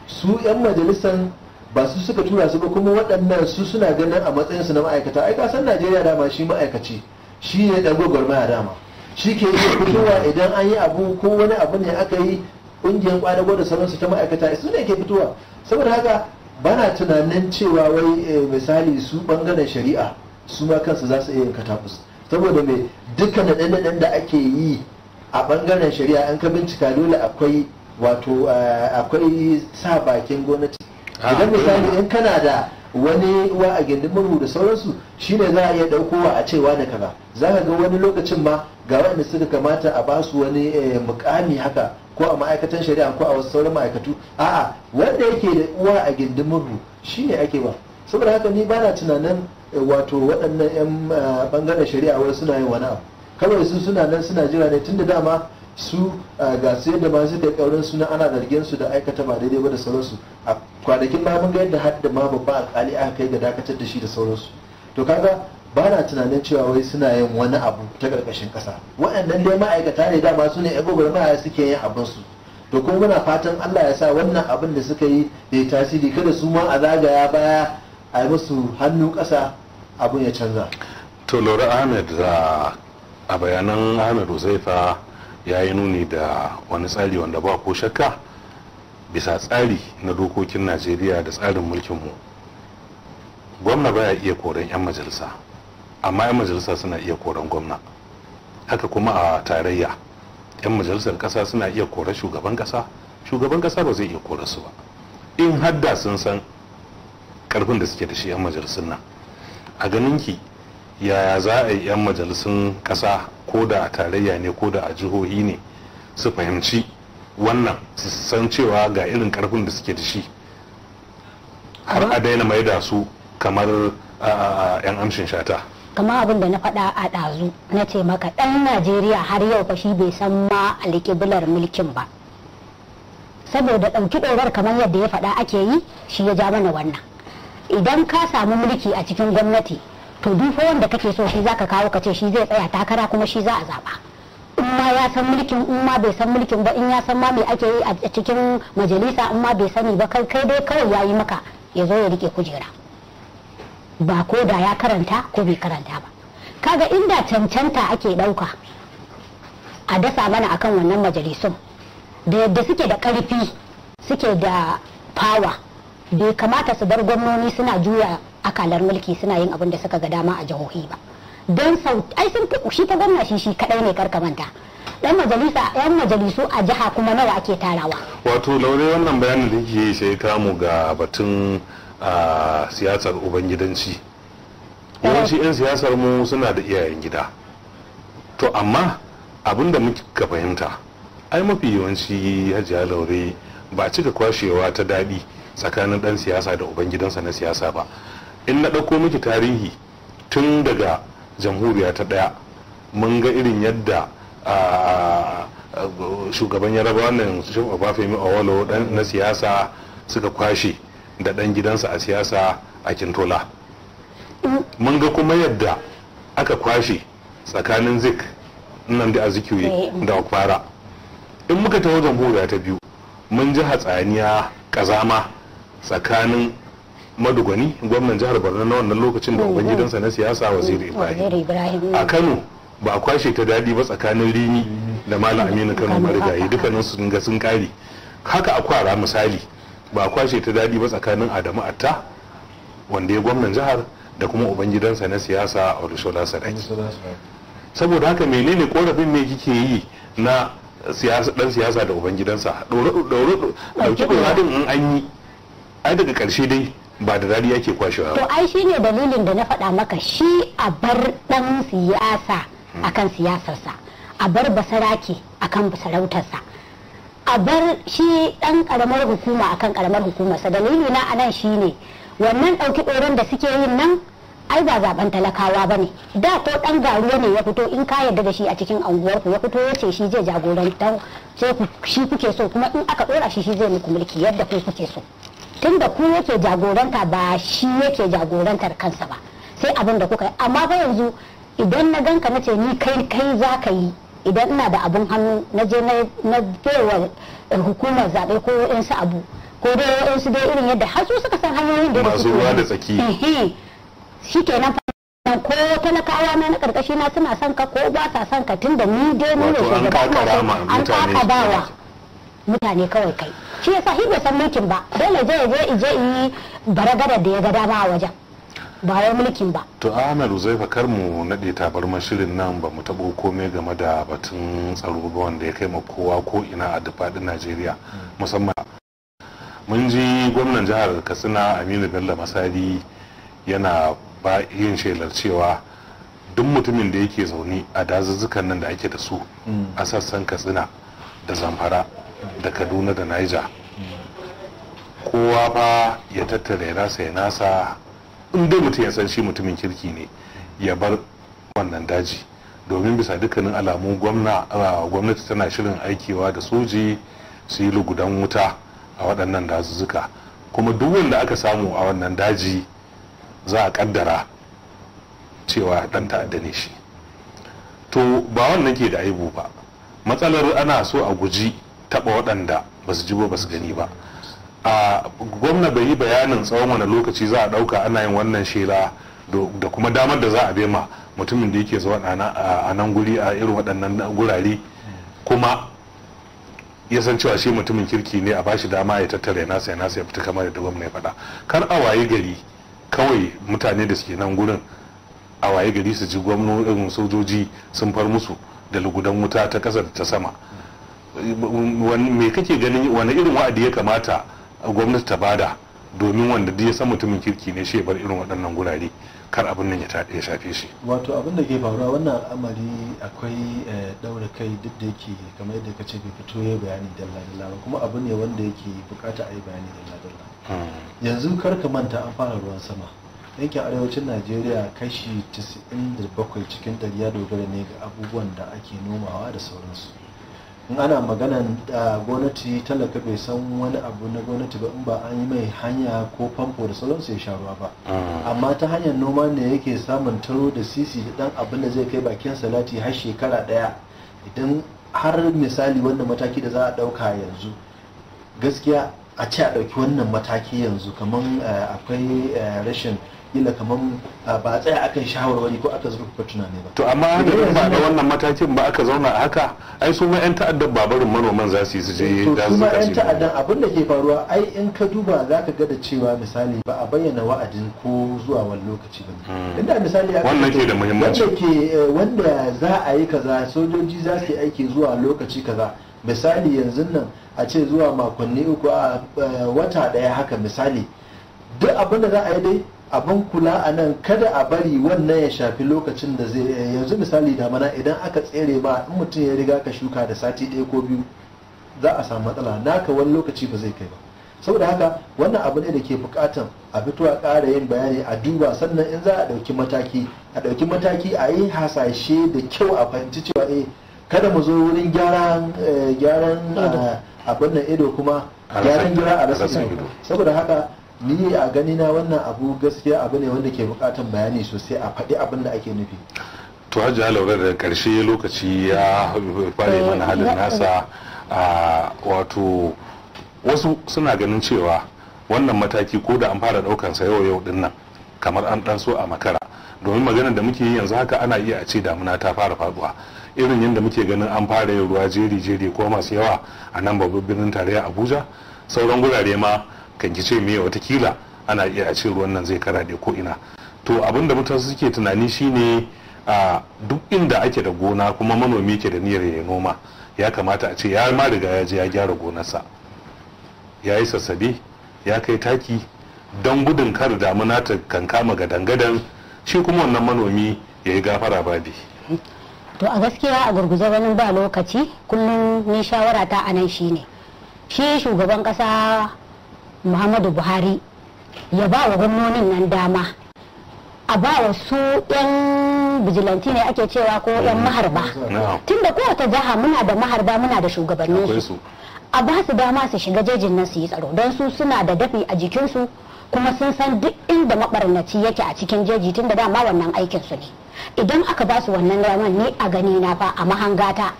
C: su 'yan majalisar ba su suka tura su ba kuma waɗannan su suna ganin a matsayinsu na ma'aikata ai san najeriya dama shi ma'aikaci shi ne ɗan gwagwarmaya dama shi ke iya fitowa idan an yi abu ko wani abu ne aka yi ƙungiyar ƙwadago da sauransu ta ma'aikata su ne ke fitowa saboda haka bana tunanin cewa wai eh, misali su ɓangaren shari'a su ma kansu za su iya yin katakus saboda mai dukkan naɗe-naɗen da ake yi a ɓangaren shari'a an ka bincika dole akwai wato eh, akwai sa bakin gwamnati ah, idan misali in kana da wani wa a gindin murhu da sauransu shi ne za a iya ɗaukowa a cewa da kaza za ka ga wani lokacin ma ga waɗanda suka kamata a ba su wani eh, mukami haka ko a ma'aikatan shari'a ko a wasu sauran ma'aikatu a'a wanda yake da uwa a gindin murhu shine ake ba saboda haka ni ba na tunanin eh, wato waɗannan 'yan bangaren eh, shari'a wani suna yin wani abu kawai su suna nan suna jira ne tun da dama su ga su yadda ba su da kaurin suna ana zargin su da aikata ba daidai ba da sauransu a kwanakin ma mun ga yadda hadda ma babba alkali aka kai ga dakatar da shi da sauransu to kaga ba na tunanin cewa wai suna yin wani abu ta ƙarƙashin ƙasa. waɗannan dai ma'aikata ne dama su ne ya yan gwagwarmaya suke yin abin su to kuma muna fatan Allah ya sa wannan abin da suka yi ya tasiri kada su ma a zagaya baya a yi musu hannun ƙasa abin ya canza
A: to lura ahmed a bayanan ahmed uzaifa ya yi nuni da wani tsari wanda ba ko shakka bisa tsari na dokokin najeriya da tsarin mulkinmu gwamna baya iya koren 'yan majalisa amma 'yan majalisa suna iya koren gwamna haka kuma a tarayya 'yan majalisar kasa suna iya koren shugaban kasa shugaban kasa ba zai iya kore su ba in hadda sun san karfin da suke da shi 'yan majalisun nan a ganin ki yaya za a yi 'yan majalisun kasa ko da a tarayya ne ko da a jihohi ne su fahimci wannan su san cewa ga irin karfin da suke da shi har a daina mai da su kamar yan amshin shata
B: kamar abin da na faɗa a ɗazu na ce maka ɗan najeriya har yau fashi bai san ma alikibular mulkin ba saboda ɗauki ɗorar kamar yadda ya faɗa ake yi shi ya ja mana wannan idan ka samu mulki a cikin gwamnati to duk wanda kake so shi zaka kawo ka ce shi zai tsaya takara kuma shi za a zaba in ma ya san mulkin in ma bai san mulkin ba in ya san ma me ake yi a cikin majalisa in ma bai sani ba kai kai dai kawai ya yi maka ya zo ya rike kujera ba ko da ya karanta ko bai karanta ba kaga inda cancanta ake ɗauka a dasa mana akan wannan majalisun da yadda suke da karfi suke da fawa bai kamata su bar gwamnoni suna juya akalar mulki suna yin abin da suka ga dama a jihohi ba don sau ai sun fi shi ta gwamna shi shi kadai ne karka manta dan majalisa yan majalisu a jiha kuma nawa ake tarawa
A: wato laure wannan bayanin da yake yi sai kamu ga batun siyasar ubangidanci eh. yawanci yan siyasar mu suna da iyayen gida to amma abin da muka fahimta ai mafi yawanci hajiya laure ba cika kwashewa ta daɗi tsakanin ɗan siyasa da ubangidansa na siyasa ba in na ɗauko miki tarihi tun daga jamhuriya ta ɗaya mun ga irin yadda shugaban shi ba shugaba a walo na siyasa suka kwashe da ɗan gidansa a siyasa a kintola mun ga kuma yadda aka kwashe tsakanin zik nan eh, eh. da azikiwe da kwara in muka taho jamhuriya ta biyu mun ji hatsaniya kazama tsakanin madugwani gwamnan jihar borno na wannan lokacin da uban gidansa na siyasa a waziri
B: ibrahim a kano
A: ba a kwashe ta daɗi ba tsakanin rini da malam aminu kano marigayi dukkanin sun ga sun kare haka a kwara misali ba a kwashe ta daɗi ba tsakanin adamu atta wanda ya gwamnan jihar da kuma ubangidansa na siyasa a olusola sadaki saboda haka mele ne korafin me kike yi na dan siyasa da ubangidansa gidansa ɗauki ɗaurin in an yi ai daga ƙarshe dai ba da dariya ke kwashewa to
B: ai shine dalilin da na faɗa maka shi a bar ɗan siyasa hmm. akan siyasarsa a bar basarake akan basarautarsa a bar shi ɗan ƙaramar hukuma akan ƙaramar hukumarsa dalili na anan shine wannan ɗauki ɗoron da suke yin nan ai ba zaben talakawa ba ne da ko ɗan garuwa ne ya fito in ka yarda da shi a cikin anguwarku ya fito ya ce shi zai jagoranta shi kuke so kuma in aka ɗora shi shi zai muku mulki yadda ku kuke so tun da ku yake jagoranta ba shi yake jagorantar kansa ba sai abin da kuka yi amma ba yanzu idan na ganka na ce ni kai kai za ka yi idan ina da abin hannu na je na baiwa eh, hukumar zaɓe ko yansu abu ko dai yansu dai irin yadda har su suka san hanyoyin da masu ruwa da tsaki shi kenan ko talakawa na na karkashi na suna son ka ko ba sa son ka tun da ni dai ne shugaba an kaka bawa mutane kawai kai shi yasa shi bai san mulkin ba dole je je je yi baragada da ya ga dama a wajen ba wai mulkin ba
A: to Ahmed zai kar mu nade tabarman shirin nan ba mu tabo komai game da batun tsaro ba wanda ya kai ma kowa ko ina a faɗin Najeriya musamman mun ji gwamnan jihar Katsina Aminu Bello Masari yana ba yin shelar cewa duk mutumin da yake zaune a dazuzzukan nan da ake da su mm. a sassan Katsina da Zamfara da kaduna da niger kowa fa ya tattara ya nasa ya nasa inda mutum ya san shi mutumin kirki ne ya bar wannan daji domin bisa dukkanin alamu gwamnati tana shirin aikewa da soji su yi lugudan wuta a waɗannan dazuzzuka kuma duk wanda aka samu a wannan daji za a kaddara cewa ɗan ta'adda ne shi to ba wannan ke da aibu ba matsalar ana so a guji taɓa waɗanda ba su ji ba su gani ba a gwamna bai yi bayanin tsawon wani lokaci za a ɗauka ana yin wannan shela da kuma damar da za a bema mutumin da yake zuwa a nan guri a irin waɗannan gurare kuma ya san cewa shi mutumin kirki ne a bashi dama ya tattare nasa ya nasa ya fita kamar yadda gwamna ya faɗa kar a waye gari kawai mutane da suke nan gurin a waye gari su ji gwamnonin sojoji sun far musu da lugudan wuta ta kasa da ta sama me kake ganin wani irin wa'adi ya kamata gwamnati ta bada domin wanda ya san mutumin kirki ne shi ya bar irin waɗannan gurare kar abin nan ya shafe shi
C: wato abin da ke faruwa wannan amari akwai daura eh, kai duk da yake kamar yadda ka ce bai fito ya bayani dalla dalla ba kuma abu ne wanda yake bukata a yi bayani dalla dalla hmm. yanzu kar ka manta an fara ruwan sama yankin arewacin najeriya kashi 97 cikin ɗari ya dogara ne ga abubuwan da ake nomawa da sauransu in ana maganan uh, gwamnati talaka bai san wani abu na gwamnati ba in ba an yi mai hanya ko famfo da sauransu ya sha ba ah. amma ta hanyar noma ne yake samun taro da sisi da dan abin da zai kai bakin salati har shekara daya idan har misali wannan mataki da za a dauka yanzu gaskiya a ce a ɗauki wannan mataki yanzu kamar uh, akwai uh, rashin kila kamar ah, ba a tsaya akan shawarwari ko aka zurfa
A: tunani ba to amma hannun ba da wannan matakin ba aka zauna haka ai su ma yan ta'addan babarin manoman za su yi su je da su To ma yan
C: ta'addan abin da ke faruwa ai in ka duba za ka ga da cewa misali ba a bayyana wa'adin ko zuwa wani lokaci ba hmm. inda misali wannan ke da muhimmanci wanda ke eh, wanda za a yi kaza sojoji za su yi aiki zuwa lokaci kaza misali yanzu nan a ce zuwa makonni uku a eh, wata daya haka misali duk abin da za a yi dai abin kula a nan kada a bari wannan ya shafi lokacin da zai eh, yanzu misali da mana idan aka tsere ba in mutum ya riga ka shuka da sati ɗaya ko biyu za a samu matsala naka wani lokaci ba zai kai ba saboda haka wannan abu ne da ke bukatan a fito a ƙara yin bayani a duba sannan in za a ɗauki mataki a ɗauki mataki a yi hasashe da kyau a fahimci cewa eh kada mu zo wurin gyaran eh, gyaran eh, abin ido kuma gyaran gyara a rasa saboda haka ni a gani na wannan abu gaskiya abu ne wanda ke bukatan bayani sosai a faɗi abin da ake
A: nufi to hajji halaurar da karshe lokaci ya fare mana halin eh, nasa a wato wasu suna ganin cewa wannan mataki ko da an fara daukan sa yau yau din nan kamar an dan a makara domin maganar da muke yi yanzu haka ana iya a ce damuna ta fara faduwa irin yadda muke ganin an fara yin ruwa jeri jeri ko masu yawa a nan babban birnin tarayya abuja sauran gurare ma kan ki ce me watakila ana iya a ce ruwan nan zai karaɗe ko ina to abin da mutane suke tunani shine a duk inda ake da gona kuma manomi ke da niyyar ya noma ya kamata a ce ya ma riga ya je ya gyara gonarsa ya yi sassabe ya kai taki don gudun kar damuna ta kankama gadan-gadan shi kuma wannan manomi ya yi gafara babi
B: to a gaskiya a gurguje ganin ba lokaci kullum ni shawara ta anan shine shi shugaban kasa muhammadu buhari ya ba wa gwamnonin nan dama a ba wa su 'yan bijilanti ne ake cewa ko 'yan maharba tunda kowace jiha muna da maharba muna da su a ba su dama su shiga jejin nan su yi tsaro don su suna da dafi a jikinsu kuma sun san duk inda maɓarnaci yake a cikin jeji tun da dama wannan aikin su ne idan aka ba su wannan raman ni a gani na ba a mahangata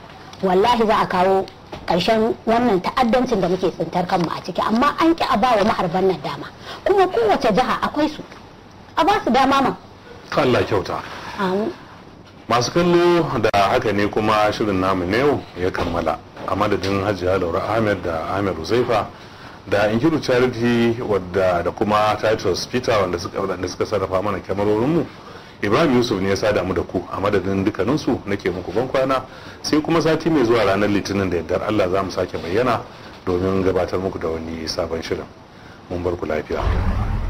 B: wallahi za a kawo Karshen wannan ta'addancin da muke tsintar kanmu a ciki amma an ki a bawa maharban nan dama kuma kowace jiha akwai su a ba su dama ma
A: Allah kyauta masu kallo da haka ne kuma shirin namu ne yau ya kammala a madadin hajiya laura ahmed da ahmed uzaifa da inkiru charity wadda da kuma titus peter wanda suka sarrafa mana kyamarorinmu ibrahim yusuf ne ya sa damu da ku a madadin dukkaninsu ke muku ban kwana sai kuma sati mai zuwa ranar litinin da yadda allah za mu sake bayyana domin gabatar muku da wani sabon shirin mun bar ku lafiya